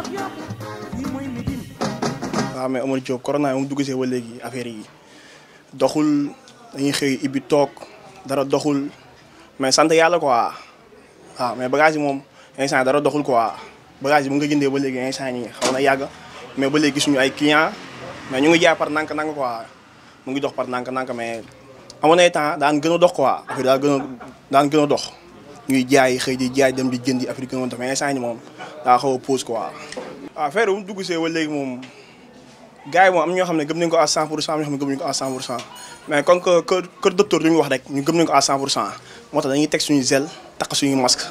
waaw ah, mais Omar Diop corona moom dugg see ba léegi affaire yi doxul dañuy xëy ibbi toog dara doxul mais sant yàlla quoi waaw ah, mais bagage moom instant dara doxul quoi bagage yi mu nga jëndee ba léegi instant yi xam na yàgg mais ba léegi suñu ay client mais ñu ngi jaay par nank nank quoi mu ngi dox par nank nank mais amoon ay temps daan gën a dox quoi affaire daan gën a daan gën a dox. ñuy jaay xëy di jaay dem di jëndi africain moom dafa instant a pause ah, bu mu dugg see ba léegi moom gars moom am ñoo xam ne gëm nañu ko à 100 pour cent am ñoo xam pour cent mais comme que kër kër docteur li wax rek ñu gëm nañu ko à 100 pour cent moo tax dañuy teg suñu gel takk suñu masque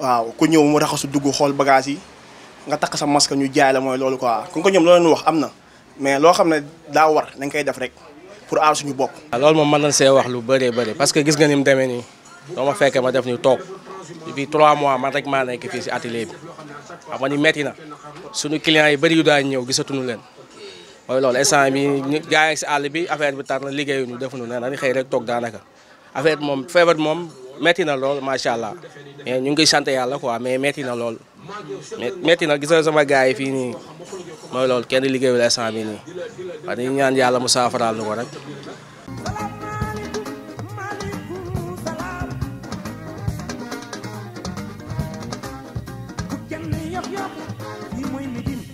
waaw ku ñëw mu raxasu dugg xool bagage yi nga takk sa masque ñu jaay la mooy loolu ko comme que ñoom loolu wax am na mais loo xam ne daa war dañ koy def rek pour aar suñu bopp. Ah, loolu moom mën na see wax doo ma fekkee ma def ñu toog depuis trois mois man rek maa nekk fii si atelier bi xam nga ni metti na suñu yi bëri yu daan ñëw gisatuñu leen mooy loolu instant bi ñu gaa si àll bi affaire bi tar na liggéeyuñu defuñu ne dañuy xëy rek toog daanaka affaire moom feebar moom metti na lool macha allah mais ñu ngi sant yàlla quoi mais metti na lool metti na gis nga sama gars fii nii mooy lool kenn liggéeyul instant bi nii wax ñaan yàlla mu saafaraal nu ko rek yokk yokk yi mooy Médine